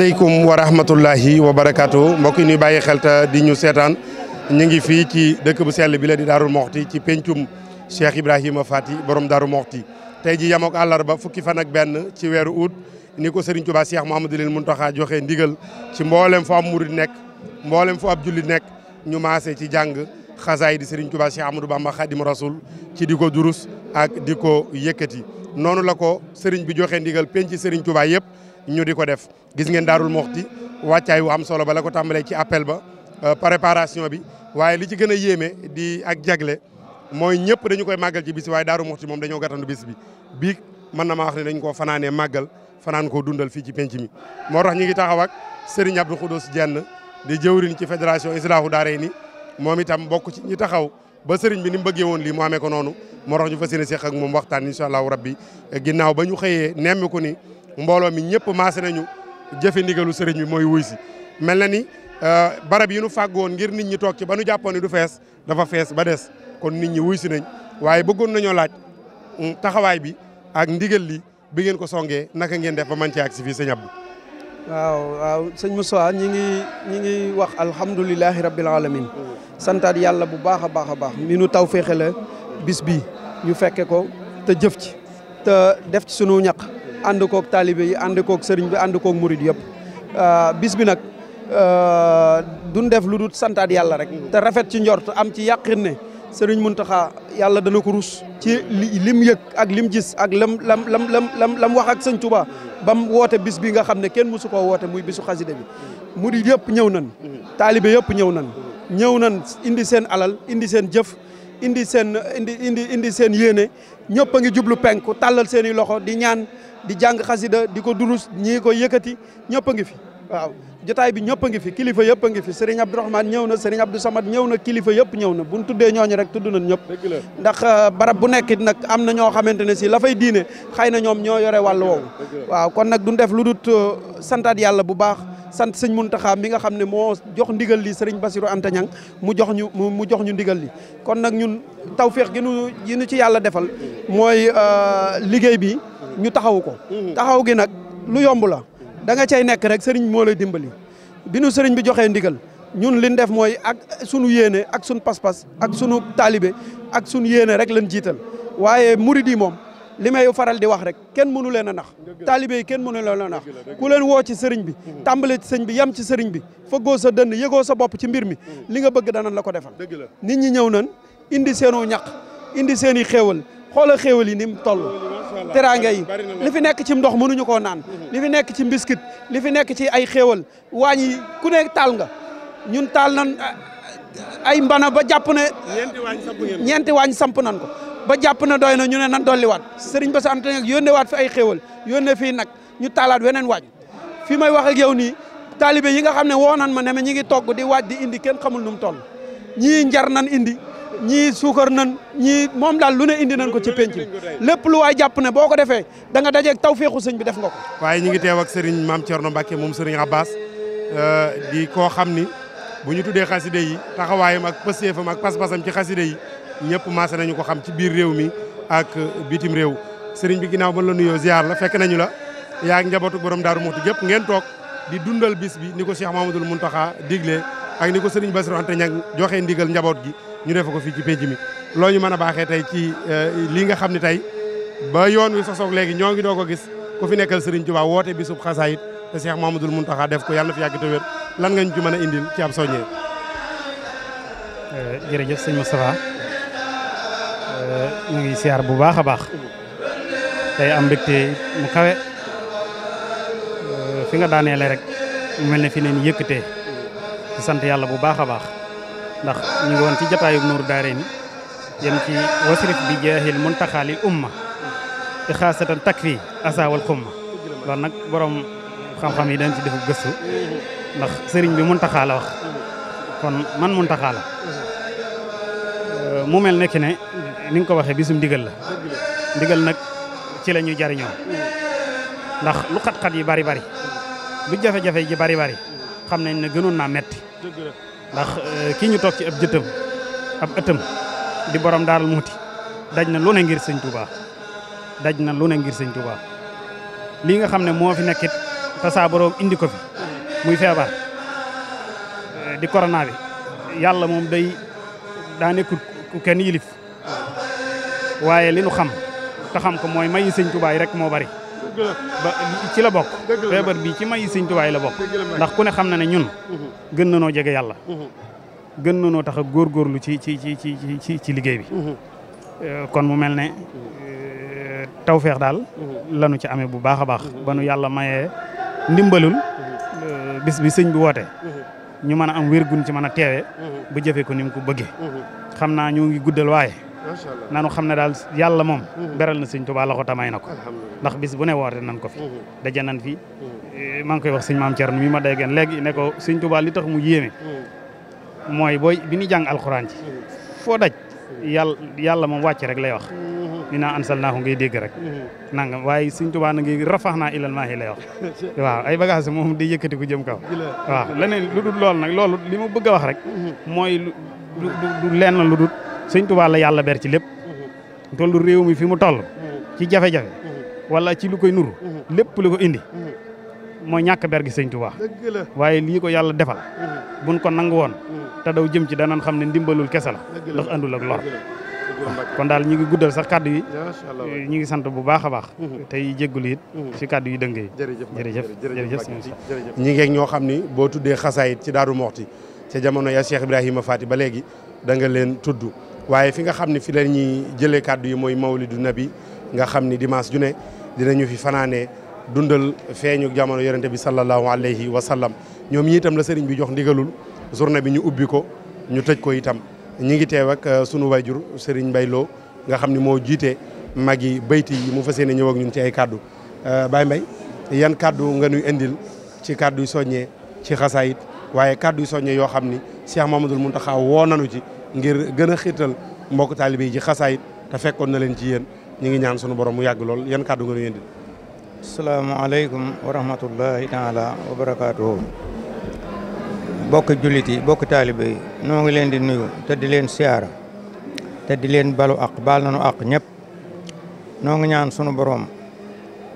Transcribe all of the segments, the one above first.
aleykum wa rahmatullahi wa barakaatu mbokk yi ñuy bàyyi xel di ñu seetaan ñu ngi fii ci dëkk bu sell bi la di Daaru Moxti ci pencum Cheikh Ibrahima Fati borom Daaru Moxti tey ji yamook àllarba fukki fan ak benn ci weeru uut ni ko Serigne Touba Cheikh Mouhamadou leen Mountakha joxe ndigal ci mboolem fu am murid nekk mboolem fu ab jullit nekk ñu maase ci jàng xasaay di Serigne Touba Cheikh Amadou Bamba Khadim Rasoul ci di ko durus ak di ko yëkkati noonu la ko Serigne bi joxe ndigal penc Serigne Touba yëpp. ñu di ko def gis ngeen daarul moxti wàccaay wu am solo ba la ko tàmbalee ci appel ba euh, préparation bi waaye li ci gën a yéeme di ak jagle mooy ñëpp dañu koy màggal ci bis waaye daaru moxti moom dañoo gàttandu bis bi bii mën na ma wax ne dañ koo fanaanee màggal fanaan koo dundal fii ci penc mi moo tax ñu ngi taxaw ak Serigne Abdou Khoudous Dieng di jëwriñ ci fédération Islaahu Daarayni moom itam mbokk ci ñi taxaw ba sëriñ bi ni mu bëggee woon lii mu amee ko noonu moo tax ñu fas yéene seq ak moom waxtaan incha allahu rabbi ginnaaw ba ñu xëyee nemmi ko mbooloo mi ñëpp maase nañu jëfe ndigalu sëriñ bi mooy wuy mel na ni euh, barab yi nu woon ngir nit ñi toog ci ba nu jàppoon ni du fees dafa fees ba des kon nit ñi wuy si nañ waaye bëggoon nañoo laaj mm, taxawaay bi ak ndigal li bi ngeen ko songee naka ngeen def ba man ci ak si fii sëñ Abdou waaw waaw sëñ Moussa ñi ngi ñi ngi wax alhamdulilahi rabbil alamin santaat yàlla bu baax a baax a baax mi nu taw féexe la bis bi ñu fekke ko te jëf ci te def ci sunu ñaq ànd koog taalibe yi ànd koog sëriñ bi ànd koog murid yëpp euh, bis bi nag euh, dun def lu dul santaat yàlla rek te rafet ci njort am ci yàqin ne sëriñ Muntaxa yàlla dana ko rus ci lim yëg ak lim gis ak lam lam lam lam lam wax ak sëñ Tuba bam woote bis bi nga xam ne kenn musu koo woote muy bisu xasida bi murid yëpp ñëw nan mm-hmm. taalibe yëpp ñëw nan ñëw nan indi seen alal indi seen jëf indi seen indi indi indi seen yéene ñëpp a ngi jublu penk penku tàllal seen i loxo di ñaan di jàng xasida di ko durus ñii ko yëkkati ñëpp a ngi fi waaw jotaay bi ñëpp a ngi fi kilifa yëpp a ngi fi Serigne Abdourahmane ñëw na Serigne Abdou Samad ñëw na kilifa yëpp ñëw na bu tuddee ñooñu rek tudd nañ ñëpp ndax euh, barab bu nekk it nag am na ñoo xamante ne si la fay diine xëy na ñoom ñoo yore wàll woowu waaw kon nag duñ def lu dut euh, santaat yàlla bu baax sant sëñ taxaam mi nga xam ne moo jox ndigal li sëriñ Basiru Anta Ñang mu jox ñu mu jox ñu ndigal li kon nag ñun tawféex gi nu ci yàlla defal mooy euh, liggéey bi ñu taxaw ko mm-hmm. taxaw gi nag lu yomb la da nga cay nekk rek sëriñ moo lay dimbali bi nu sëriñ bi joxee ndigal ñun liñ def mooy ak sunu yéene ak sunu paspas ak sunu taalibe ak sunu yéene rek lan jiital waaye murid yi moom li may faral di wax rek kenn mënu leen a nax taalibe yi kenn mënu leen a nax ku leen woo ci sëriñ bi mm. tàmbale ci sëriñ bi yem ci sëriñ bi fëggoo sa dënn yëgoo sa bopp ci mbir mi mm. li nga bëgg danañ la ko defal nit ñi ñëw nañ indi seen seenu ñaq indi seen i xéewal xoola xéewal yi ni mu toll teraanga yi li fi nekk ci ndox mënuñu koo naan mm-hmm. li fi nekk ci mbiskit li fi nekk ci ay xéewal waañ yi ku ne taal nga ñun taal nan ay mbana ba jàpp ne ñeenti waañ samp nan ko ba jàpp na doy na ñu ne nan dolliwaat sëriñ Bass Anta Dieng yónneewaat fi ay xéewal yónnee fi nag ñu taalaat weneen waaj fi may wax ak yow taalibe yi nga xam ne woo nan ma ne ma ñi ngi togg di waaj di indi kenn xamul nu mu toll ñi njar nan indi ñii suukar nan ñii moom daal lu ne indi nan ko ci penc lépp lu waay jàpp ne boo ko defee da nga taw tawféexu sëñ bi def nga ko waaye ñi ngi teew ak sëriñ maam Thierno Mbacke moom sëriñ Abbas euh, di koo xam ni bu ñu tuddee xaside yi taxawaayam ak pësteefam ak pas-pasam ci xaside yi ñëpp maase nañu ko xam ci biir réew mi ak bitim réew sëriñ bi ginaaw ba la nuyoo ziar la fekk nañu la yaa ak njabootu borom daaru Muxti gépp ngeen toog di dundal bis bi ni ko Cheikh Mamadou Mountakha digle ak ni ko sëriñ Bassirou Anta Niang joxe ndigal njaboot gi ñu defe ko fii ci pénc mi loo ñu mën a baaxee tey ci eh, lii nga xam ne tey ba yoon wi sosoog léegi ñoo ngi doo ko gis ku fi nekkal sëriñ Tuubaa woote bisub xasaayit te Cheikh Mamadou Mountakha def ko yàlla na yàgg te wér lan nga ñu ci mën a indil ci ab soññee eh, jërëjëf sëñ Moustapha ñu ngi siyaar bu baax a baax tey am mbégte mu kawe fi nga daaneele rek mu mel ne fi neen yëkkatee ci sant yàlla bu baax a baax ndax ñu woon ci jataayu Nuuru Daarayni yem ci wasrif bi jaahil muntaxaalil umma i xaasatan takfi asaawal xumma loolu nag borom xam-xam yi dañ ci defu gëstu ndax sëriñ bi muntaxaa la wax kon man muntaxaa la mu mel nekk ne ni nga ko waxee bisum ndigal la ndigal nag ci la ñuy jariñoo ndax lu xat-xat yi bari bari lu jafe-jafe ji bari bari xam nañ ne gënoon naa metti ndax euh, kii ñu toog ci ab jëtëm ab ëtëm di borom daal muuti daj na lu ne ngir sëñ Touba daj na lu ne ngir sëñ Touba lii nga xam ne moo fi nekkit te saa indi ko fi muy feebar euh, di corona yàlla moom day daa nekkut ku kenn yilif waaye li nu xam te ko mooy mayi sëñ Tuubaa rek moo bari ci la bokk feebar bi ci mayi sëñ Tuubaa yi la bokk ndax ku ne xam na ne ñun uhuh. gën na noo jege yàlla uhuh. gën na noo tax a góorgóorlu ci ci ci ci ci liggéey bi uhuh. euh, kon mu mel ne euh, tawfeex daal lanu ci amee bu baax a baax ba nu yàlla mayee ndimbalul euh, bis bi sëñ bi woote ñu mën a am wér gun ci mën a teewe ba jëfe ko ni mu ko xam naa ñu ngi guddal waaye nanu xam ne daal yàlla moom mm-hmm. beral na sëñ Tuubaa loxo tamay na ko ndax bis bu ne woote nan ko fi mm-hmm. daje nan fi mm-hmm. maa ngi koy wax sëñ maam Thierno mi ma déggeen léegi ne ko sëñ Tuubaa li tax mu yéeme mooy booy bi ñu jàng alxuraan ci foo daj yàlla yàlla moom wàcc rek lay wax inaa ansalnaahu ngay dégg rek mm-hmm. nangam waaye Sëñ Tuubaa na ngi rafax naa ilal maahi waaw ay bagage moom di yëkkati ku jëm kaw waaw leneen lu dul loolu nag loolu li ma bëgg a wax rek mm-hmm. mooy lu lenn lu dul Sëñ Tuubaa la yàlla ber ci lépp mm-hmm. tollu réew mi fi mu toll ci jafe-jafe wala ci lu koy nuru lépp lu ko indi mooy ñàkk ber gi Sëñ Tuubaa waaye lii ko yàlla defal buñ ko nangu woon te daw jëm ci danañ xam ne ndimbalul kese la ndax andul ak kon daal ñi ngi guddal sax kàddu yi ñi ngi sant bu baax a baax mm-hmm. tey jéggulu it si mm-hmm. kaddu yi dëng yi jërëjëf jërëjëf ñi ngeeg ñoo xam ni boo tuddee xasaayit ci Daaru Moxti ca jamono ya Cheikh Ibrahima Faty ba léegi da nga leen tudd waaye fi nga xam ne fi la ñuy jëlee kàddu yi mooy mawlidu nabi nga xam ni dimanche ju ne ñu fi fanaanee dundal feeñu jamono yorente bi sallallahu alayhi wa sallam ñoom ñi itam la sëriñ bi jox ndigalul journée bi ñu ubbi ko ñu tëj ko itam ñi ngi teew ak euh, way jur Serigne mbay Lo nga xam ni moo jiite mag yi bayti yi mu fas yéene ñëw ak ñun ci ay kàddu euh, Baye mbay yan kàddu nga nuy indil ci kàddu yi soññee ci xasaayit waaye kàddu yi soññee yoo xam ni mun Mamadou Mountakha woo nanu ci ngir gën a xiital mbokk taalibe yi ci xasaayit te fekkoon na leen ci yéen ñu ngi ñaan sunu borom mu yàgg lool yan kàddu nga nuy indil. asalaamaaleykum wa rahmatullahi taala wa barakaatuhu bokk jullit yi bokk taalibe yi noo ngi leen di nuyu te di leen siyaara te di leen balu ak baal nañu ak ñëpp noo ngi ñaan sunu borom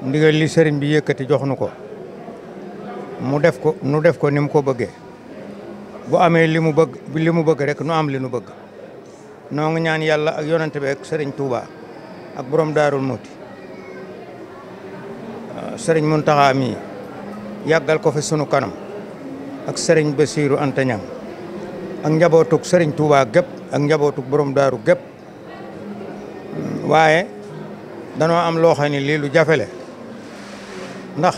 ndigal li sëriñ bi yëkkati jox nu ko mu def ko nu def ko ni mu ko bëggee bu amee li mu bëgg mu bëgg rek nu am li nu bëgg noo ngi ñaan yàlla ak yonante sëriñ Touba ak borom daarul muuti sëriñ Muntaxa mi yàggal ko fi sunu kanam ak sëriñ Bassirou Anta Niang ak njabootuk sëriñ Touba gépp ak njabootuk borom daaru gépp waaye danoo am loo xam jafele ndax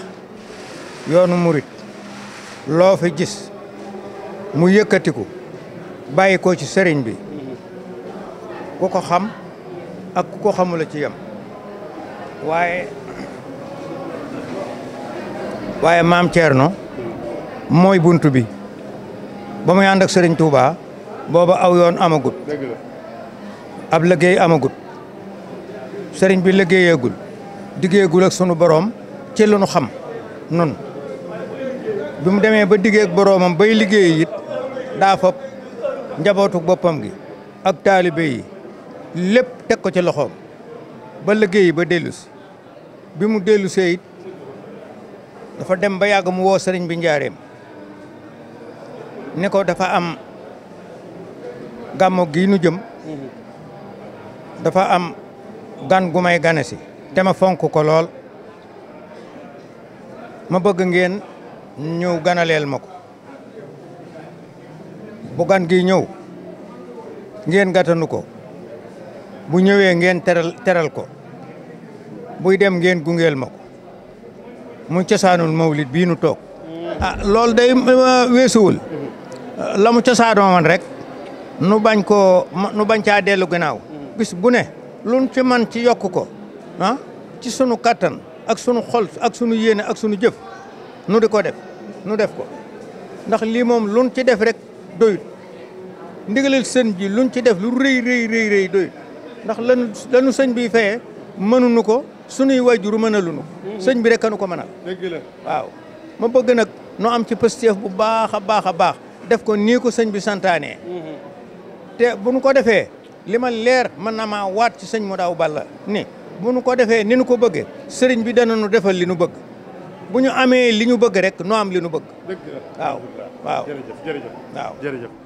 yoonu murit loo fi gis mu yëkkatiku bàyyi ko ci sëriñ bi ku ko xam ak ku ko xamula ci yam waaye waaye maam Thierno mooy bunt bi ba mu ànd ak Serigne booba aw yoon amagut ab liggéey amagut sëriñ bi liggéeyeegul diggeegul ak sunu boroom ci lu nu xam nun bi mu demee ba diggee boroomam bay liggéey it daa fop njabootu boppam gi ak taalibe lépp teg ko ci loxoom ba liggéey ba dellusi bi mu dellusee dafa dem ba yàgg mu woo sëriñ bi njaareem ni ko dafa am gàmmo gii nu jëm dafa am gan gumay may gane si te ma fonk ko lool ma bëgg ngeen ñëw ganaleel ma ko bu gan gi ñëw ngeen gàttanu ko bu ñëwee ngeen teral ko buy dem ngeen gungeel ma ko mu cosaanul mawlid bii nu toog ah la mu cosaanoo woon rek nu bañ koo nu bañcaa caa dellu ginnaaw. bis bu ne luñ ci man ci yokk ko ah ci sunu kattan ak sunu xol ak sunu yéene ak sunu jëf nu di ko def nu def ko ndax lii moom luñ ci def rek doyut ndigalal sëñ ji luñ ci def lu rëy rëy rëy rëy ndax la lanu sëñ bi fayee mënuñu ko sunuy wajuru mënaluñu sëñ bi rek kanu ko mënal. dëgg la waaw ma bëgg nag nu am ci pëstéef bu baax a baax a baax. def ko nii ko sëñ bi santaane. Mhm. te bu nu ko defee li ma leer mën na maa waat ci sëñ mu daaw balla ni bu nu ko defee ni nu ko bëggee sëriñ bi dana nu defal li nu bëgg bu ñu amee li ñu bëgg rek nu am li nu bëgg. waaw waaw jërëjëf